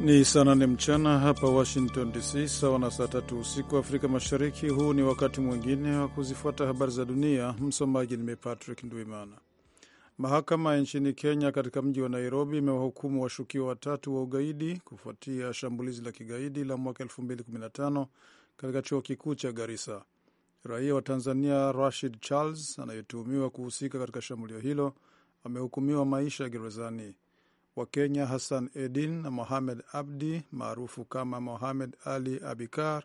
Ni saa nane mchana hapa Washington DC, sawa na saa tatu usiku Afrika Mashariki. Huu ni wakati mwingine wa kuzifuata habari za dunia. Msomaji ni mimi Patrick Ndwimana. Mahakama nchini Kenya katika mji wa Nairobi imewahukumu washukiwa watatu wa ugaidi kufuatia shambulizi la kigaidi la mwaka 2015 katika chuo kikuu cha Garissa. Raia wa Tanzania Rashid Charles anayetuhumiwa kuhusika katika shambulio hilo amehukumiwa maisha ya gerezani wa Kenya Hassan Edin na Mohamed Abdi maarufu kama Mohamed Ali Abikar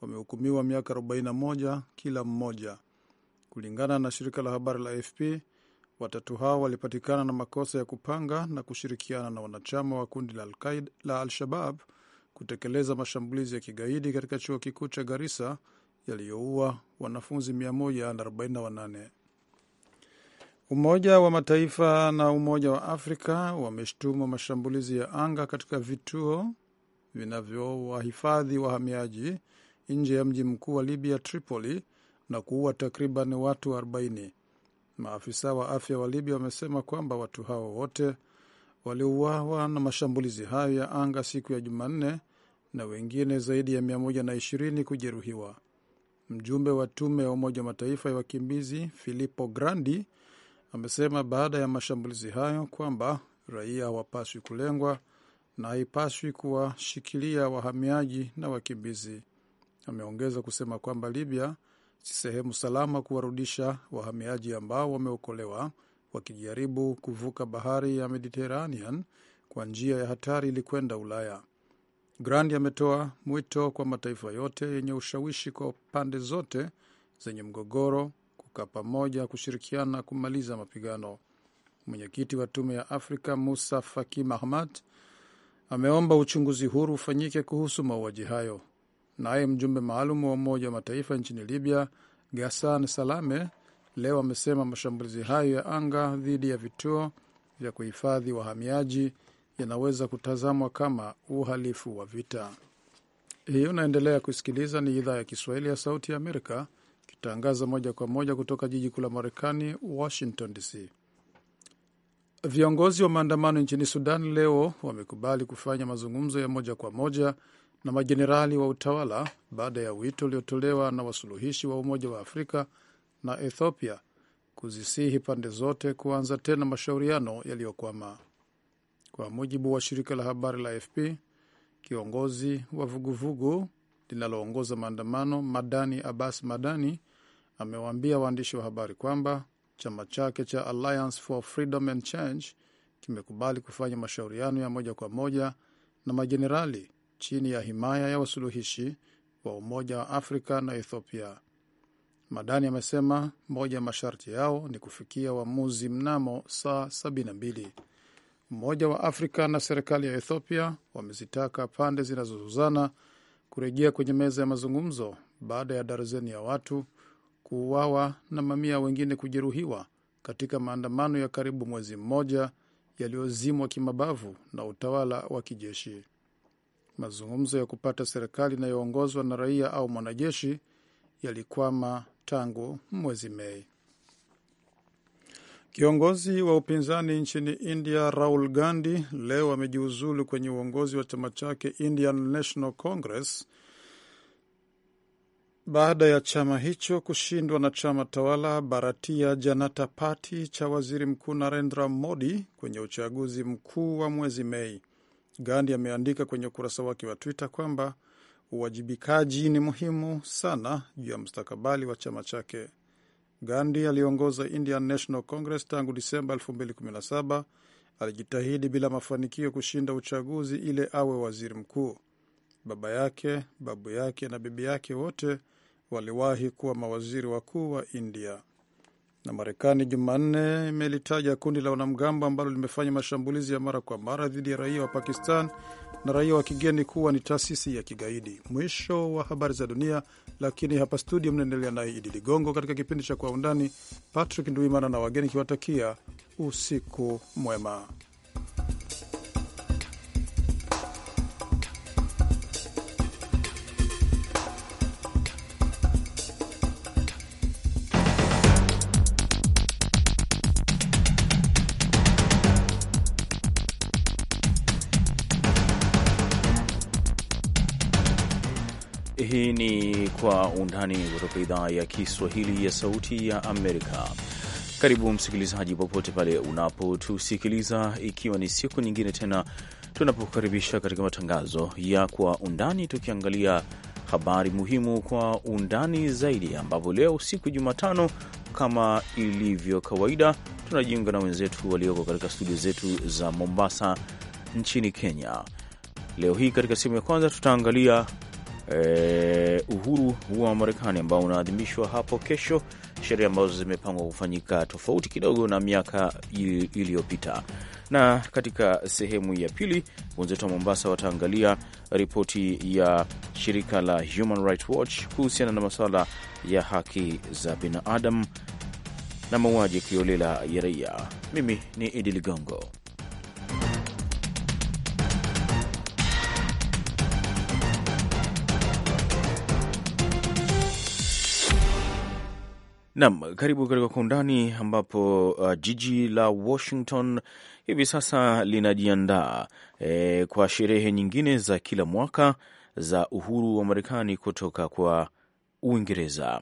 wamehukumiwa miaka 41 kila mmoja. Kulingana na shirika la habari la AFP, watatu hao walipatikana na makosa ya kupanga na kushirikiana na wanachama wa kundi la Al-Qaida la Al-Shabab kutekeleza mashambulizi ya kigaidi katika chuo kikuu cha Garissa yaliyoua wanafunzi 148. Umoja wa Mataifa na Umoja wa Afrika wameshtumu mashambulizi ya anga katika vituo vinavyowahifadhi wahamiaji nje ya mji mkuu wa Libya, Tripoli, na kuua takriban watu 40. Maafisa wa afya wa Libya wamesema kwamba watu hao wote waliuawa na mashambulizi hayo ya anga siku ya Jumanne na wengine zaidi ya 120 kujeruhiwa. Mjumbe wa tume ya Umoja wa Mataifa ya wakimbizi Filippo Grandi amesema baada ya mashambulizi hayo kwamba raia hawapaswi kulengwa na haipaswi kuwashikilia wahamiaji na wakimbizi. Ameongeza kusema kwamba Libya si sehemu salama kuwarudisha wahamiaji ambao wameokolewa wakijaribu kuvuka bahari ya mediteranean kwa njia ya hatari ili kwenda Ulaya. Grandi ametoa mwito kwa mataifa yote yenye ushawishi kwa pande zote zenye mgogoro kukaa pamoja kushirikiana kumaliza mapigano. Mwenyekiti wa tume ya Afrika Musa Faki Mahamat ameomba uchunguzi huru ufanyike kuhusu mauaji hayo. Naye mjumbe maalum wa Umoja wa Mataifa nchini Libya gasan Salame leo amesema mashambulizi hayo ya anga dhidi ya vituo vya kuhifadhi wahamiaji yanaweza kutazamwa kama uhalifu wa vita. Hii unaendelea kusikiliza, ni idhaa ya Kiswahili ya Sauti ya Amerika ikitangaza moja kwa moja kutoka jiji kuu la Marekani, Washington DC. Viongozi wa maandamano nchini Sudan leo wamekubali kufanya mazungumzo ya moja kwa moja na majenerali wa utawala baada ya wito uliotolewa na wasuluhishi wa Umoja wa Afrika na Ethiopia kuzisihi pande zote kuanza tena mashauriano yaliyokwama. Kwa mujibu wa shirika la habari la AFP, kiongozi wa vuguvugu linaloongoza maandamano Madani Abbas Madani amewaambia waandishi wa habari kwamba chama chake cha Alliance for Freedom and Change kimekubali kufanya mashauriano ya moja kwa moja na majenerali chini ya himaya ya wasuluhishi wa Umoja wa Afrika na Ethiopia. Madani amesema moja ya masharti yao ni kufikia uamuzi mnamo saa 72. Umoja wa Afrika na serikali ya Ethiopia wamezitaka pande zinazozuzana kurejea kwenye meza ya mazungumzo baada ya darzeni ya watu kuuawa na mamia wengine kujeruhiwa katika maandamano ya karibu mwezi mmoja yaliyozimwa kimabavu na utawala wa kijeshi. Mazungumzo ya kupata serikali inayoongozwa na raia au mwanajeshi yalikwama tangu mwezi Mei. Kiongozi wa upinzani nchini India Raul Gandhi leo amejiuzulu kwenye uongozi wa chama chake Indian National Congress baada ya chama hicho kushindwa na chama tawala Bharatiya Janata Party cha waziri mkuu Narendra Modi kwenye uchaguzi mkuu wa mwezi Mei. Gandhi ameandika kwenye ukurasa wake wa Twitter kwamba uwajibikaji ni muhimu sana juu ya mustakabali wa chama chake. Gandhi aliongoza Indian National Congress tangu Disemba 2017. Alijitahidi bila mafanikio kushinda uchaguzi ile awe waziri mkuu. Baba yake, babu yake na bibi yake wote waliwahi kuwa mawaziri wakuu wa India na Marekani Jumanne imelitaja kundi la wanamgambo ambalo limefanya mashambulizi ya mara kwa mara dhidi ya raia wa Pakistan na raia wa kigeni kuwa ni taasisi ya kigaidi. Mwisho wa habari za dunia, lakini hapa studio mnaendelea naye Idi Ligongo katika kipindi cha Kwa Undani. Patrick Nduimana na wageni kiwatakia usiku mwema. kwa undani kutoka idhaa ya Kiswahili ya Sauti ya Amerika. Karibu msikilizaji, popote pale unapotusikiliza, ikiwa ni siku nyingine tena tunapokaribisha katika matangazo ya kwa undani, tukiangalia habari muhimu kwa undani zaidi, ambapo leo siku Jumatano, kama ilivyo kawaida, tunajiunga na wenzetu walioko katika studio zetu za Mombasa nchini Kenya. Leo hii katika sehemu ya kwanza tutaangalia eh, uhuru wa Marekani ambao unaadhimishwa hapo kesho, sherehe ambazo zimepangwa kufanyika tofauti kidogo na miaka iliyopita. Na katika sehemu ya pili wenzetu wa Mombasa wataangalia ripoti ya shirika la Human Rights Watch kuhusiana na masuala ya haki za binadamu na mauaji ya kiolela ya raia. Mimi ni Idi Ligongo. nam karibu katika Kwa Undani, ambapo uh, jiji la Washington hivi sasa linajiandaa e, kwa sherehe nyingine za kila mwaka za uhuru wa Marekani kutoka kwa Uingereza.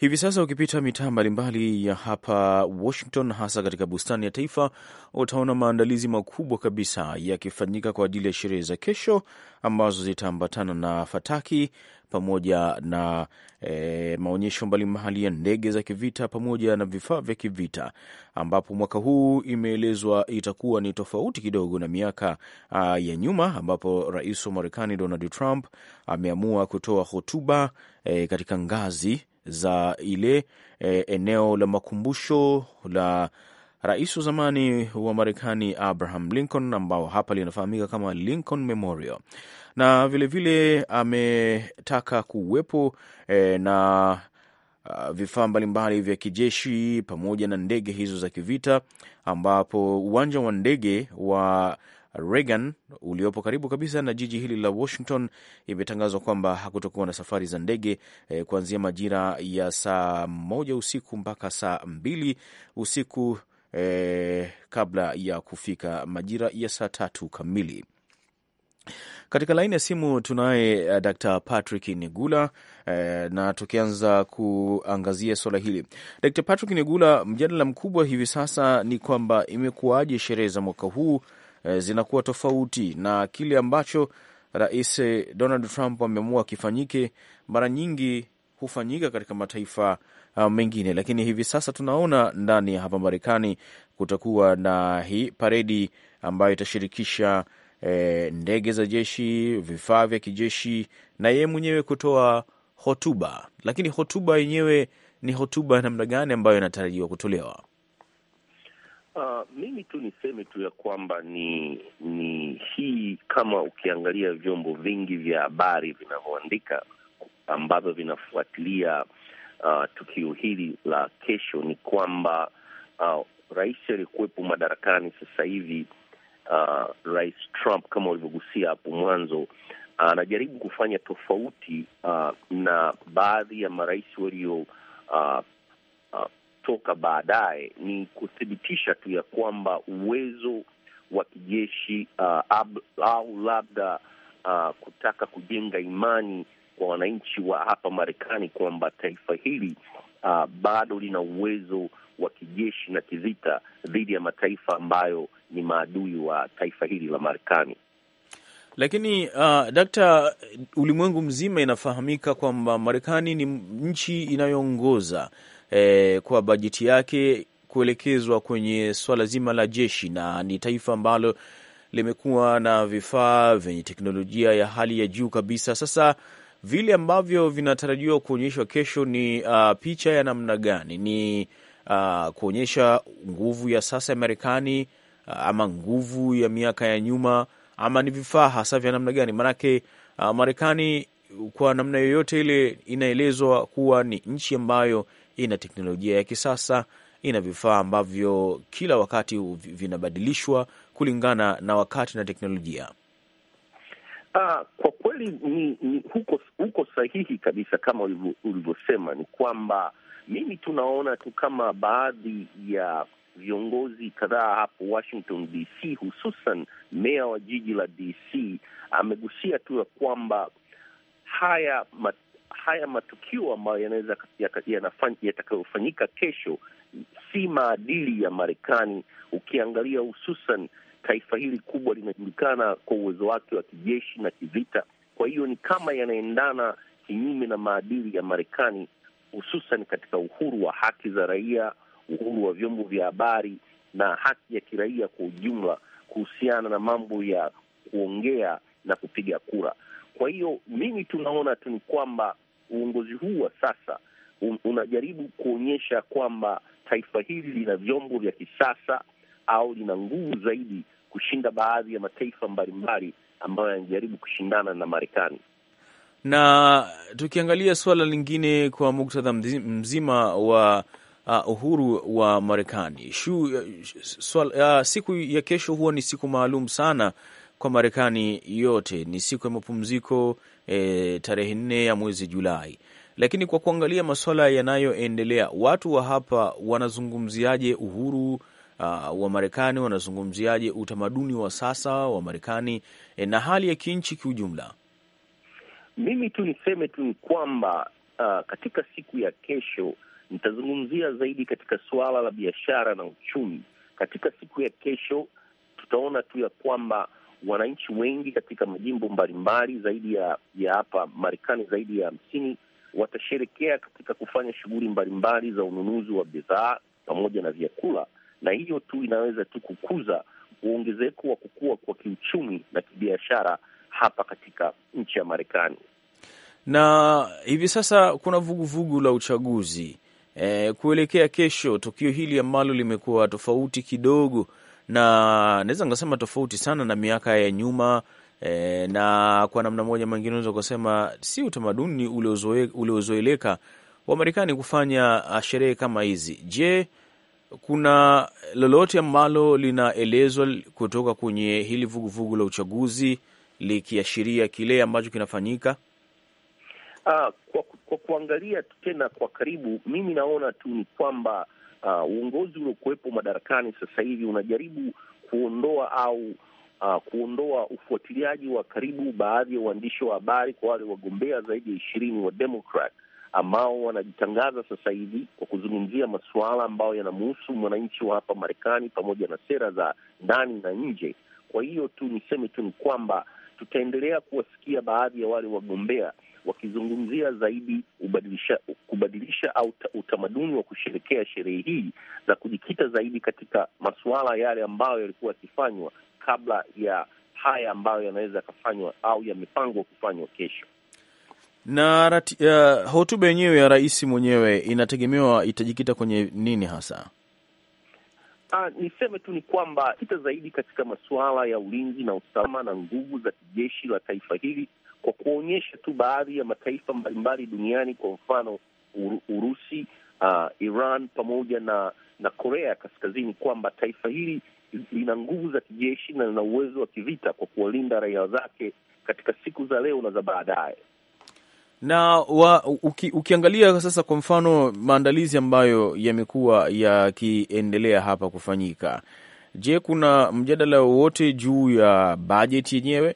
Hivi sasa ukipita mitaa mbalimbali ya hapa Washington, hasa katika bustani ya Taifa, utaona maandalizi makubwa kabisa yakifanyika kwa ajili ya sherehe za kesho ambazo zitaambatana na fataki pamoja na e, maonyesho mbalimbali ya ndege za kivita pamoja na vifaa vya kivita, ambapo mwaka huu imeelezwa itakuwa ni tofauti kidogo na miaka a, ah, ya nyuma, ambapo rais wa Marekani Donald Trump ameamua kutoa hotuba e, katika ngazi za ile e, eneo la makumbusho la rais wa zamani wa Marekani Abraham Lincoln ambao hapa linafahamika kama Lincoln Memorial, na vilevile ametaka kuwepo e, na Uh, vifaa mbalimbali vya kijeshi pamoja na ndege hizo za kivita, ambapo uwanja wa ndege wa Reagan uliopo karibu kabisa na jiji hili la Washington, imetangazwa kwamba hakutokuwa na safari za ndege eh, kuanzia majira ya saa moja usiku mpaka saa mbili usiku eh, kabla ya kufika majira ya saa tatu kamili. Katika laini ya simu tunaye e, Dr. Patrick Nigula eh, na tukianza kuangazia swala hili Dr. Patrick Nigula, mjadala mkubwa hivi sasa ni kwamba imekuwaje sherehe za mwaka huu Eh, zinakuwa tofauti na kile ambacho Rais Donald Trump ameamua kifanyike, mara nyingi hufanyika katika mataifa ah, mengine, lakini hivi sasa tunaona ndani ya hapa Marekani kutakuwa na hii paredi ambayo itashirikisha e, ndege za jeshi, vifaa vya kijeshi na yeye mwenyewe kutoa hotuba. Lakini hotuba yenyewe ni hotuba ya namna gani ambayo inatarajiwa kutolewa? Uh, mimi tu niseme tu ya kwamba ni ni hii, kama ukiangalia vyombo vingi vya habari vinavyoandika ambavyo vinafuatilia uh, tukio hili la kesho, ni kwamba uh, rais aliyekuwepo madarakani sasa hivi uh, Rais Trump kama ulivyogusia hapo mwanzo anajaribu uh, kufanya tofauti uh, na baadhi ya marais walio uh, kutoka baadaye ni kuthibitisha tu ya kwamba uwezo wa kijeshi uh, au labda uh, kutaka kujenga imani kwa wananchi wa hapa Marekani kwamba taifa hili uh, bado lina uwezo wa kijeshi na kivita dhidi ya mataifa ambayo ni maadui wa taifa hili la Marekani. Lakini uh, dakta, ulimwengu mzima inafahamika kwamba Marekani ni nchi inayoongoza eh, kwa bajeti yake kuelekezwa kwenye swala zima la jeshi, na ni taifa ambalo limekuwa na vifaa vyenye teknolojia ya hali ya juu kabisa. Sasa vile ambavyo vinatarajiwa kuonyeshwa kesho ni uh, picha ya namna gani? Ni uh, kuonyesha nguvu ya sasa ya Marekani uh, ama nguvu ya miaka ya nyuma ama ni vifaa hasa vya namna gani? Maanake uh, Marekani kwa namna yoyote ile inaelezwa kuwa ni nchi ambayo ina teknolojia ya kisasa, ina vifaa ambavyo kila wakati vinabadilishwa kulingana na wakati na teknolojia. Aa, ah, kwa kweli ni, ni huko huko sahihi kabisa kama ulivyosema, ni kwamba mimi tunaona tu kama baadhi ya viongozi kadhaa hapo Washington DC, hususan meya wa jiji la DC amegusia tu ya kwamba haya haya matukio ambayo yanaweza yatakayofanyika kesho si maadili ya Marekani. Ukiangalia hususan taifa hili kubwa linajulikana kwa uwezo wake wa kijeshi na kivita, kwa hiyo ni kama yanaendana kinyume na maadili ya Marekani, hususan katika uhuru wa haki za raia, uhuru wa vyombo vya habari na haki ya kiraia kwa ujumla, kuhusiana na mambo ya kuongea na kupiga kura. Kwa hiyo mimi tunaona tu ni kwamba uongozi huu wa sasa un, unajaribu kuonyesha kwamba taifa hili lina vyombo vya kisasa au lina nguvu zaidi kushinda baadhi ya mataifa mbalimbali ambayo yanajaribu kushindana na Marekani. Na tukiangalia suala lingine kwa muktadha mzima wa uh, uhuru wa Marekani, uh, siku ya kesho huwa ni siku maalum sana kwa Marekani yote ni siku ya mapumziko e, tarehe nne ya mwezi Julai. Lakini kwa kuangalia masuala yanayoendelea, watu wa hapa wanazungumziaje uhuru uh, wa Marekani, wanazungumziaje utamaduni wa sasa wa Marekani e, na hali ya kinchi kiujumla? Mimi tu niseme tu ni kwamba uh, katika siku ya kesho nitazungumzia zaidi katika suala la biashara na uchumi. Katika siku ya kesho tutaona tu ya kwamba wananchi wengi katika majimbo mbalimbali zaidi ya ya hapa Marekani zaidi ya hamsini watasherekea katika kufanya shughuli mbalimbali za ununuzi wa bidhaa pamoja na vyakula, na hiyo tu inaweza tu kukuza uongezeko wa kukua kwa kiuchumi na kibiashara hapa katika nchi ya Marekani. Na hivi sasa kuna vuguvugu vugu la uchaguzi e, kuelekea kesho. Tukio hili ambalo limekuwa tofauti kidogo na naweza nikasema tofauti sana na miaka ya nyuma e, na kwa namna moja mwingine unaweza kusema si utamaduni uliozoeleka wa Marekani kufanya ah, sherehe kama hizi. Je, kuna lolote ambalo linaelezwa kutoka kwenye hili vuguvugu la uchaguzi likiashiria kile ambacho kinafanyika? Aa, ah, kwa, kwa kuangalia tena kwa karibu, mimi naona tu ni kwamba uh, uongozi uliokuwepo madarakani sasa hivi unajaribu kuondoa au Uh, kuondoa ufuatiliaji wa karibu baadhi ya waandishi wa habari kwa wale wagombea zaidi ya ishirini wa Democrat ambao wanajitangaza sasa hivi kwa kuzungumzia masuala ambayo yanamuhusu mwananchi wa hapa Marekani pamoja na sera za ndani na nje. Kwa hiyo tu niseme tu ni kwamba tutaendelea kuwasikia baadhi ya wale wagombea wakizungumzia zaidi ubadilisha, kubadilisha au utamaduni wa kusherekea sherehe hii na kujikita zaidi katika masuala yale ambayo yalikuwa yakifanywa kabla ya haya ambayo yanaweza yakafanywa au yamepangwa kufanywa kesho na rati, uh, hotuba yenyewe ya rais mwenyewe inategemewa itajikita kwenye nini hasa? Uh, niseme tu ni kwamba ita zaidi katika masuala ya ulinzi na usalama na nguvu za kijeshi la taifa hili kwa kuonyesha tu baadhi ya mataifa mbalimbali duniani, kwa mfano Urusi, uh, Iran pamoja na na Korea ya Kaskazini, kwamba taifa hili lina nguvu za kijeshi na lina uwezo wa kivita kwa kuwalinda raia zake katika siku za leo na za baadaye na wa, uki, ukiangalia sasa kwa mfano maandalizi ambayo yamekuwa yakiendelea hapa kufanyika, je, kuna mjadala wowote juu ya bajeti yenyewe?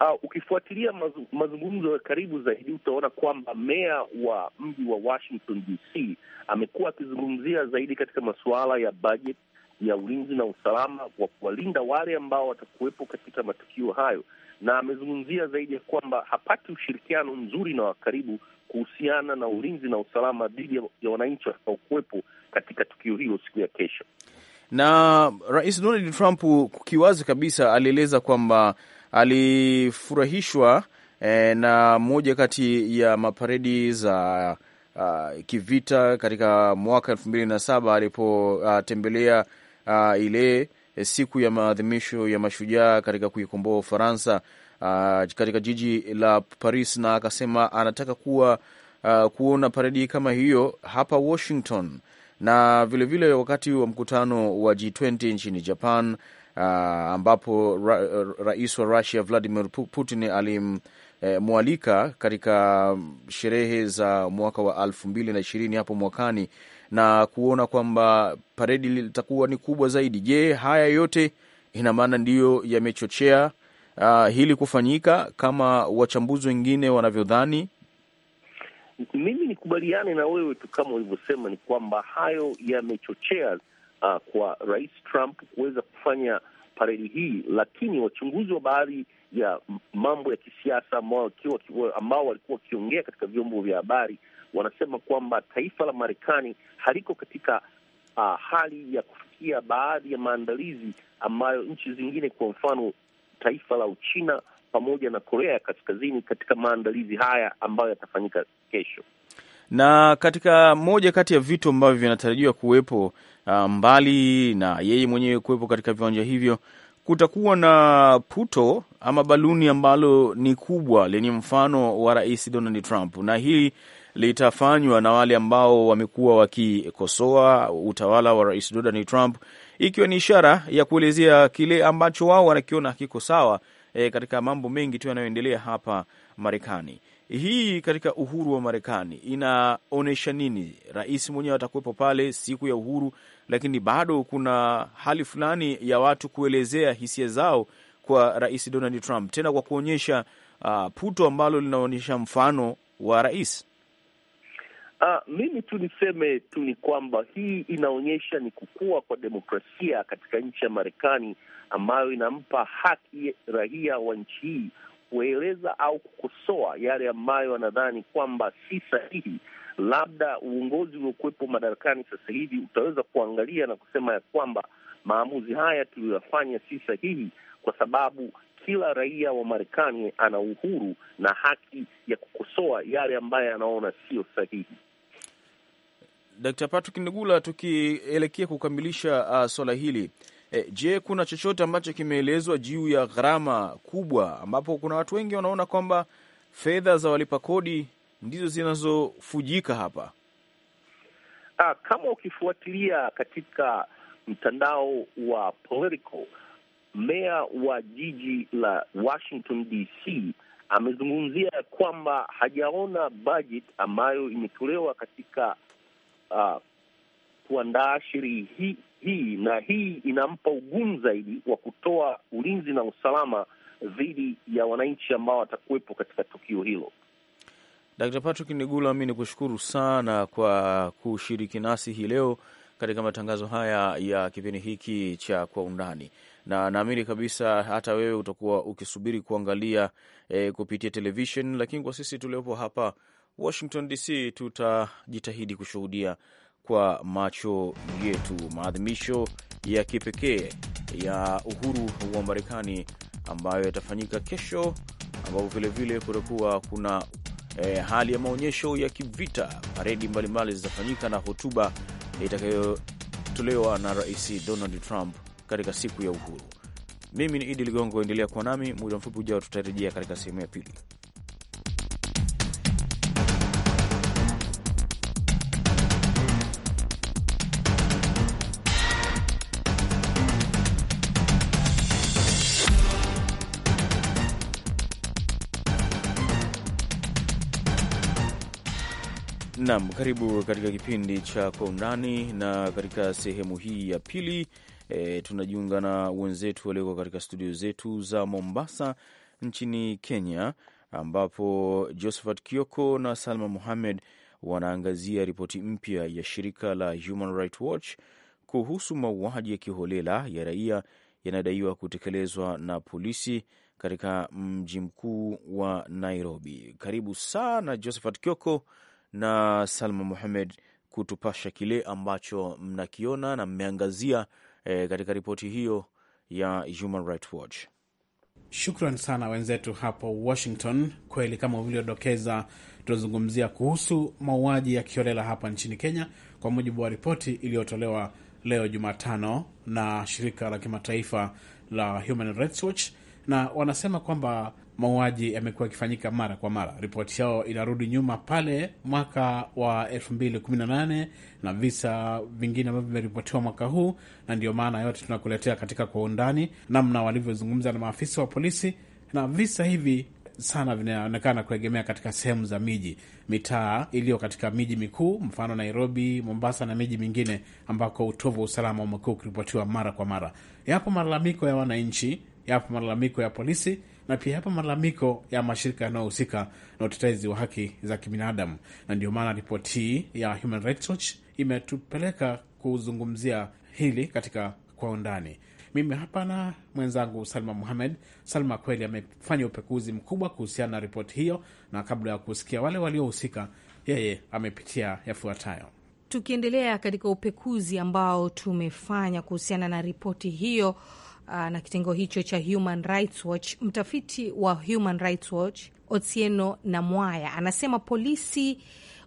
Uh, ukifuatilia mazu, mazungumzo ya karibu zaidi utaona kwamba meya wa mji wa Washington DC amekuwa akizungumzia zaidi katika masuala ya bajeti ya ulinzi na usalama wa kuwalinda wale ambao watakuwepo katika matukio hayo, na amezungumzia zaidi ya kwamba hapati ushirikiano mzuri na wa karibu kuhusiana na ulinzi na usalama dhidi ya wananchi watakaokuwepo katika tukio hilo siku ya kesho. Na Rais Donald Trump kiwazi kabisa alieleza kwamba alifurahishwa eh, na moja kati ya maparedi za uh, kivita katika mwaka elfu mbili na saba alipotembelea uh, uh, ile siku ya maadhimisho ya mashujaa katika kuikomboa Ufaransa uh, katika jiji la Paris, na akasema anataka kuwa uh, kuona paredi kama hiyo hapa Washington, na vilevile vile wakati wa mkutano wa G20 nchini Japan uh, ambapo ra, rais wa Russia Vladimir Putin alimwalika eh, katika sherehe za mwaka wa elfu mbili na ishirini hapo mwakani na kuona kwamba paredi litakuwa ni kubwa zaidi. Je, haya yote ina maana ndiyo yamechochea uh, hili kufanyika kama wachambuzi wengine wanavyodhani? Mimi nikubaliane na wewe tu kama ulivyosema, ni kwamba hayo yamechochea uh, kwa Rais Trump kuweza kufanya paredi hii, lakini wachunguzi wa baadhi ya mambo ya kisiasa ambao walikuwa wakiongea katika vyombo vya habari wanasema kwamba taifa la Marekani haliko katika uh, hali ya kufikia baadhi ya maandalizi ambayo nchi zingine, kwa mfano taifa la Uchina pamoja na Korea ya Kaskazini, katika maandalizi haya ambayo yatafanyika kesho na katika moja kati ya vitu ambavyo vinatarajiwa kuwepo ah, mbali na yeye mwenyewe kuwepo katika viwanja hivyo, kutakuwa na puto ama baluni ambalo ni kubwa lenye mfano wa Rais Donald Trump, na hili litafanywa na wale ambao wamekuwa wakikosoa utawala wa Rais Donald Trump, ikiwa ni ishara ya kuelezea kile ambacho wao wanakiona hakiko sawa e, katika mambo mengi tu yanayoendelea hapa Marekani hii katika uhuru wa Marekani inaonyesha nini? Rais mwenyewe atakuwepo pale siku ya uhuru, lakini bado kuna hali fulani ya watu kuelezea hisia zao kwa Rais Donald Trump, tena kwa kuonyesha uh, puto ambalo linaonyesha mfano wa rais. Uh, mimi tu niseme tu ni kwamba hii inaonyesha ni kukua kwa demokrasia katika nchi ya Marekani ambayo inampa haki raia wa nchi hii kueleza au kukosoa yale ambayo wanadhani kwamba si sahihi. Labda uongozi uliokuwepo madarakani sasa hivi utaweza kuangalia na kusema ya kwamba maamuzi haya tuliyoyafanya si sahihi, kwa sababu kila raia wa Marekani ana uhuru na haki ya kukosoa yale ambayo anaona siyo sahihi. Dkt. Patrick Nigula, tukielekea kukamilisha uh, swala hili E, je, kuna chochote ambacho kimeelezwa juu ya gharama kubwa, ambapo kuna watu wengi wanaona kwamba fedha za walipa kodi ndizo zinazofujika hapa? Ah, kama ukifuatilia katika mtandao wa Politico, meya wa jiji la Washington DC amezungumzia kwamba hajaona budget ambayo imetolewa katika uh, kuandaa sherehe hii, hii, na hii inampa ugumu zaidi wa kutoa ulinzi na usalama dhidi ya wananchi ambao watakuwepo katika tukio hilo. Dr. Patrick Nigula, mi ni kushukuru sana kwa kushiriki nasi hii leo katika matangazo haya ya kipindi hiki cha Kwa Undani, na naamini kabisa hata wewe utakuwa ukisubiri kuangalia e, kupitia televishen, lakini kwa sisi tuliopo hapa Washington DC tutajitahidi kushuhudia kwa macho yetu maadhimisho ya kipekee ya uhuru wa Marekani ambayo yatafanyika kesho, ambapo vilevile kutakuwa kuna eh, hali ya maonyesho ya kivita, paredi mbalimbali zitafanyika na hotuba itakayotolewa na Rais Donald Trump katika siku ya uhuru. Mimi ni Idi Ligongo, endelea kuwa nami. Muda mfupi ujao tutarejea katika sehemu ya pili. Naam, karibu katika kipindi cha Kwa Undani, na katika sehemu hii ya pili e, tunajiunga na wenzetu walioko katika studio zetu za Mombasa nchini Kenya, ambapo Josephat Kioko na Salma Muhamed wanaangazia ripoti mpya ya shirika la Human Rights Watch kuhusu mauaji ya kiholela ya raia yanadaiwa kutekelezwa na polisi katika mji mkuu wa Nairobi. Karibu sana Josephat Kioko na Salma Muhamed kutupasha kile ambacho mnakiona na mmeangazia e, katika ripoti hiyo ya Human Rights Watch. Shukran sana wenzetu hapo Washington. Kweli kama vilivyodokeza, tunazungumzia kuhusu mauaji ya kiholela hapa nchini Kenya, kwa mujibu wa ripoti iliyotolewa leo Jumatano na shirika la kimataifa la Human Rights Watch, na wanasema kwamba mauaji yamekuwa yakifanyika mara kwa mara. Ripoti yao inarudi nyuma pale mwaka wa 2018 na visa vingine ambavyo vimeripotiwa mwaka huu, na ndiyo maana yote tunakuletea katika kwa undani, namna walivyozungumza na maafisa wa polisi, na visa hivi sana vinaonekana kuegemea katika sehemu za miji, mitaa iliyo katika miji mikuu, mfano Nairobi, Mombasa na miji mingine ambako utovu wa usalama umekuwa ukiripotiwa mara kwa mara. Yapo malalamiko ya wananchi, yapo malalamiko ya polisi na pia hapa malalamiko ya mashirika yanayohusika na utetezi wa haki za kibinadamu, na ndio maana ripoti hii ya Human Rights Watch imetupeleka kuzungumzia hili katika kwa undani. Mimi hapa na mwenzangu Salma Muhamed. Salma kweli amefanya upekuzi mkubwa kuhusiana na ripoti hiyo, na kabla ya kusikia wale waliohusika, yeye amepitia yafuatayo. Tukiendelea katika upekuzi ambao tumefanya kuhusiana na ripoti hiyo Ah, na kitengo hicho cha Human Rights Watch. Mtafiti wa Human Rights Watch Otieno Namwaya anasema polisi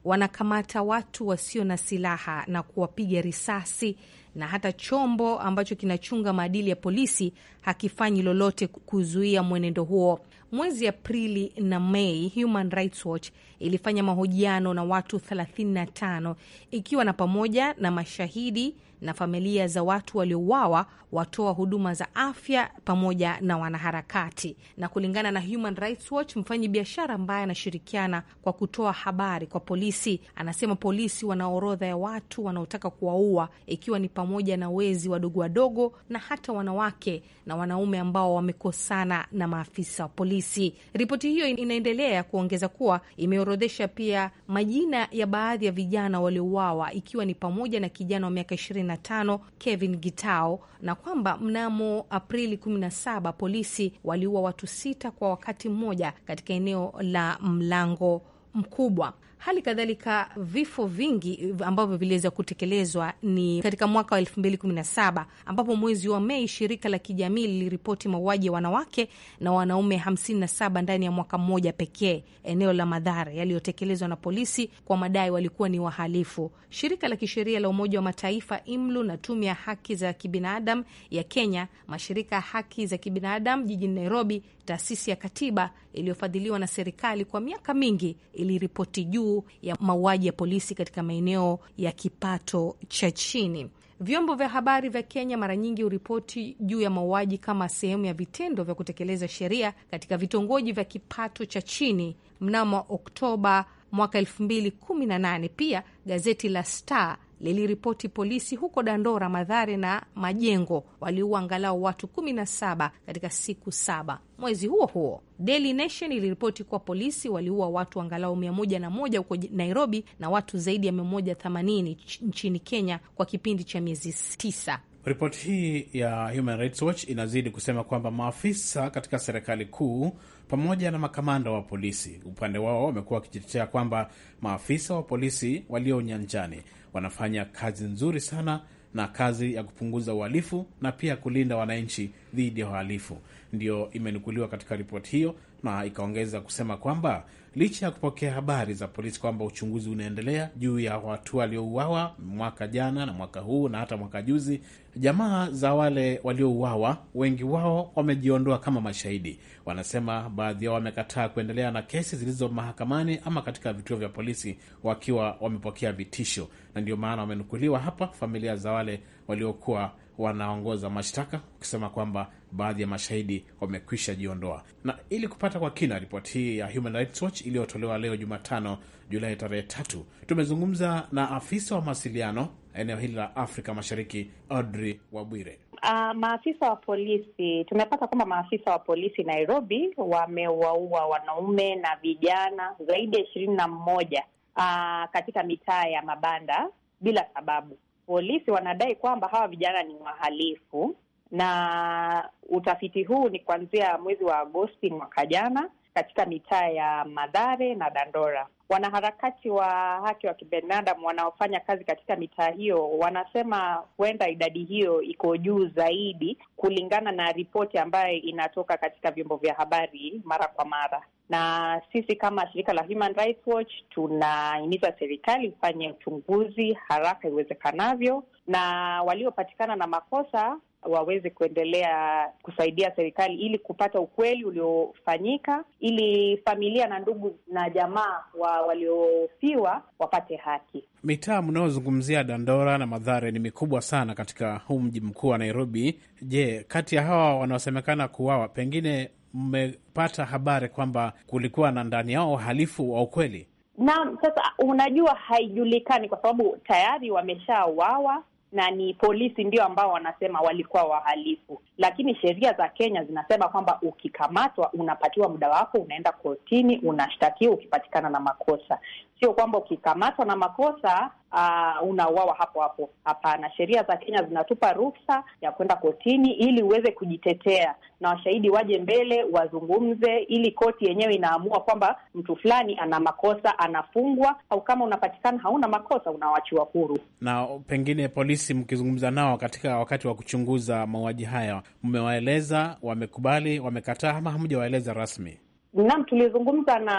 wanakamata watu wasio na silaha na kuwapiga risasi na hata chombo ambacho kinachunga maadili ya polisi hakifanyi lolote kuzuia mwenendo huo. Mwezi Aprili na Mei, Human Rights Watch ilifanya mahojiano na watu 35 ikiwa na pamoja na mashahidi na familia za watu waliouawa, watoa huduma za afya pamoja na wanaharakati. Na kulingana na Human Rights Watch, mfanyi biashara ambaye anashirikiana kwa kutoa habari kwa polisi anasema polisi wana orodha ya watu wanaotaka kuwaua ikiwa ni pamoja na wezi wadogo wadogo na hata wanawake na wanaume ambao wamekosana na maafisa wa polisi. Ripoti hiyo inaendelea kuongeza kuwa imeorodhesha pia majina ya baadhi ya vijana waliouawa ikiwa ni pamoja na kijana wa miaka 25 Kevin Gitao, na kwamba mnamo Aprili 17 polisi waliua watu sita kwa wakati mmoja katika eneo la Mlango mkubwa. Hali kadhalika vifo vingi ambavyo viliweza kutekelezwa ni katika mwaka wa elfu kumi na saba ambapo mwezi wa Mei shirika la kijamii liliripoti mauaji ya wanawake na wanaume hamsini na saba ndani ya mwaka mmoja pekee eneo la Madhara yaliyotekelezwa na polisi kwa madai walikuwa ni wahalifu. Shirika la kisheria la Umoja wa Mataifa IMLU na tume ya haki za kibinadamu ya Kenya, mashirika ya haki za kibinadamu jijini Nairobi, taasisi ya katiba iliyofadhiliwa na serikali kwa miaka mingi iliripoti juu ya mauaji ya polisi katika maeneo ya kipato cha chini. Vyombo vya habari vya Kenya mara nyingi huripoti juu ya mauaji kama sehemu ya vitendo vya kutekeleza sheria katika vitongoji vya kipato cha chini. Mnamo Oktoba mwaka 2018 pia gazeti la Star liliripoti polisi huko Dandora, Madhare na Majengo waliua angalau watu kumi na saba katika siku saba. Mwezi huo huo Daily Nation iliripoti kuwa polisi waliua watu angalau mia moja na moja huko Nairobi na watu zaidi ya mia moja themanini nchini Kenya kwa kipindi cha miezi tisa. Ripoti hii ya Human Rights Watch inazidi kusema kwamba maafisa katika serikali kuu pamoja na makamanda wa polisi upande wao wamekuwa wakijitetea kwamba maafisa wa polisi walio nyanjani wanafanya kazi nzuri sana na kazi ya kupunguza uhalifu na pia kulinda wananchi dhidi ya uhalifu, ndio imenukuliwa katika ripoti hiyo, na ikaongeza kusema kwamba licha ya kupokea habari za polisi kwamba uchunguzi unaendelea juu ya watu waliouawa mwaka jana na mwaka huu na hata mwaka juzi. Jamaa za wale waliouawa, wengi wao wamejiondoa kama mashahidi. Wanasema baadhi yao wamekataa kuendelea na kesi zilizo mahakamani ama katika vituo vya polisi, wakiwa wamepokea vitisho, na ndio maana wamenukuliwa hapa familia za wale waliokuwa wanaongoza mashtaka wakisema kwamba baadhi ya mashahidi wamekwisha jiondoa. Na ili kupata kwa kina ripoti hii ya Human Rights Watch iliyotolewa leo Jumatano Julai tarehe tatu, tumezungumza na afisa wa mawasiliano eneo hili la Afrika Mashariki, Audrey Wabwire. Uh, maafisa wa polisi tumepata kwamba maafisa wa polisi Nairobi wamewaua wanaume na vijana zaidi ya ishirini na mmoja uh, katika mitaa ya mabanda bila sababu polisi wanadai kwamba hawa vijana ni wahalifu, na utafiti huu ni kuanzia mwezi wa Agosti mwaka jana katika mitaa ya Madhare na Dandora. Wanaharakati wa haki wa kibinadamu wanaofanya kazi katika mitaa hiyo wanasema huenda idadi hiyo iko juu zaidi kulingana na ripoti ambayo inatoka katika vyombo vya habari mara kwa mara na sisi kama shirika la Human Rights Watch tunahimiza serikali kufanya uchunguzi haraka iwezekanavyo, na waliopatikana na makosa waweze kuendelea kusaidia serikali ili kupata ukweli uliofanyika, ili familia na ndugu na jamaa wa waliofiwa wapate haki. Mitaa mnayozungumzia Dandora na madhare ni mikubwa sana katika huu mji mkuu wa Nairobi. Je, kati ya hawa wanaosemekana kuuawa, pengine mmepata habari kwamba kulikuwa na ndani yao uhalifu wa ukweli? Naam, sasa unajua, haijulikani kwa sababu tayari wameshauawa na ni polisi ndio ambao wanasema walikuwa wahalifu, lakini sheria za Kenya zinasema kwamba ukikamatwa, unapatiwa muda wako, unaenda kotini, unashtakiwa ukipatikana na makosa sio kwamba ukikamatwa na makosa uh, unauawa hapo hapo. Hapana, sheria za Kenya zinatupa ruhusa ya kwenda kotini ili uweze kujitetea na washahidi waje mbele wazungumze, ili koti yenyewe inaamua kwamba mtu fulani ana makosa anafungwa, au kama unapatikana hauna makosa unawachiwa huru. Na pengine polisi mkizungumza nao katika wakati wa kuchunguza mauaji haya, mmewaeleza wamekubali, wamekataa, ama hamjawaeleza rasmi? Naam, tulizungumza na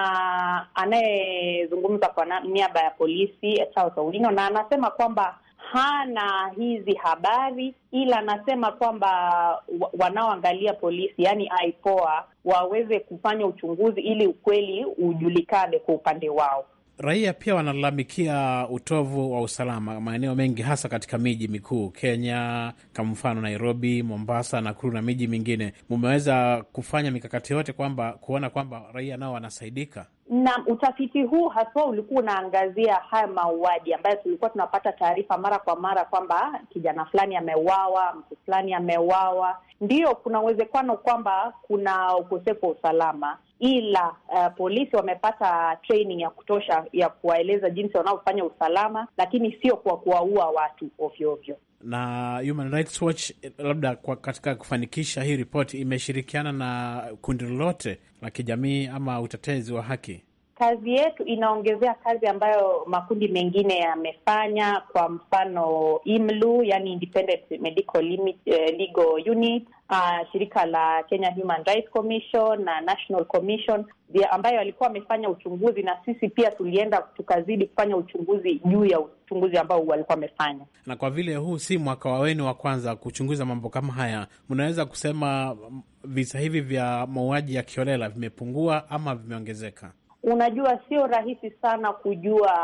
anayezungumza kwa niaba ya polisi Charles Owino, na anasema kwamba hana hizi habari, ila anasema kwamba wanaoangalia polisi, yaani IPOA, waweze kufanya uchunguzi ili ukweli ujulikane kwa upande wao. Raia pia wanalalamikia utovu wa usalama maeneo mengi, hasa katika miji mikuu Kenya, kama mfano Nairobi, Mombasa, Nakuru na miji mingine. Mumeweza kufanya mikakati yote kwamba kuona kwamba raia nao wanasaidika? na utafiti huu haswa ulikuwa unaangazia haya mauaji ambayo tulikuwa tunapata taarifa mara kwa mara kwamba kijana fulani ameuawa, mtu fulani ameuawa. Ndiyo, kuna uwezekano kwamba kuna ukosefu wa usalama, ila uh, polisi wamepata training ya kutosha ya kuwaeleza jinsi wanaofanya usalama, lakini sio kwa kuwaua watu ovyoovyo na Human Rights Watch labda kwa katika kufanikisha hii ripoti imeshirikiana na kundi lolote la kijamii ama utetezi wa haki? kazi yetu inaongezea kazi ambayo makundi mengine yamefanya, kwa mfano IMLU, yani Independent Medical Limit, eh, Legal Unit, uh, shirika la Kenya Human Rights Commission na National Commission ambayo walikuwa wamefanya uchunguzi, na sisi pia tulienda tukazidi kufanya uchunguzi juu ya uchunguzi ambao walikuwa wamefanya. Na kwa vile huu si mwaka wenu wa kwanza kuchunguza mambo kama haya, mnaweza kusema visa hivi vya mauaji ya kiolela vimepungua ama vimeongezeka? Unajua, sio rahisi sana kujua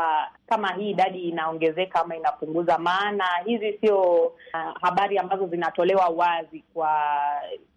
kama hii idadi inaongezeka ama inapunguza, maana hizi sio uh, habari ambazo zinatolewa wazi kwa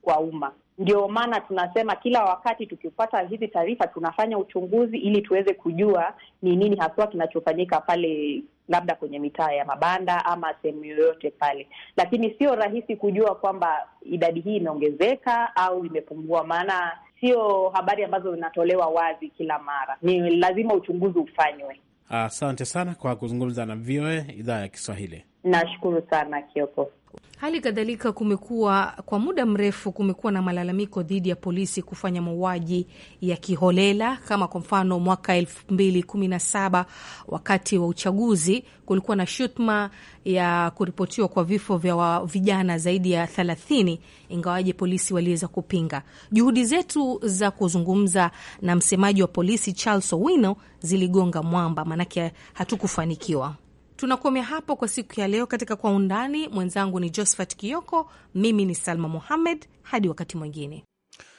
kwa umma. Ndio maana tunasema kila wakati tukipata hizi taarifa tunafanya uchunguzi ili tuweze kujua ni nini haswa kinachofanyika pale, labda kwenye mitaa ya mabanda ama sehemu yoyote pale, lakini sio rahisi kujua kwamba idadi hii imeongezeka au imepungua, maana sio habari ambazo zinatolewa wazi kila mara, ni lazima uchunguzi ufanywe. Asante sana kwa kuzungumza na VOA idhaa ya Kiswahili. Nashukuru sana Kioko. Hali kadhalika kumekuwa kwa muda mrefu, kumekuwa na malalamiko dhidi ya polisi kufanya mauaji ya kiholela, kama kwa mfano mwaka elfu mbili kumi na saba wakati wa uchaguzi kulikuwa na shutuma ya kuripotiwa kwa vifo vya vijana zaidi ya thelathini, ingawaje polisi waliweza kupinga. Juhudi zetu za kuzungumza na msemaji wa polisi Charles Owino ziligonga mwamba, maanake hatukufanikiwa. Tunakomea hapo kwa siku ya leo katika Kwa Undani. Mwenzangu ni Josphat Kioko, mimi ni Salma muhammed Hadi wakati mwingine.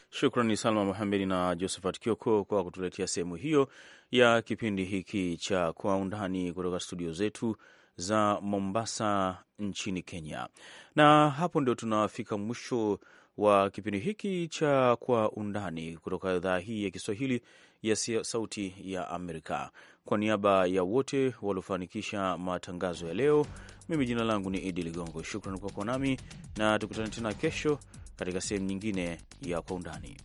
Shukrani Salma Muhamedi na Josephat Kioko kwa kutuletea sehemu hiyo ya kipindi hiki cha Kwa Undani kutoka studio zetu za Mombasa nchini Kenya. Na hapo ndio tunafika mwisho wa kipindi hiki cha Kwa Undani kutoka idhaa hii ya Kiswahili ya Sauti ya Amerika. Kwa niaba ya wote waliofanikisha matangazo ya leo, mimi jina langu ni Idi Ligongo. Shukran kwa kuwa nami na tukutane tena kesho katika sehemu nyingine ya Kwa Undani.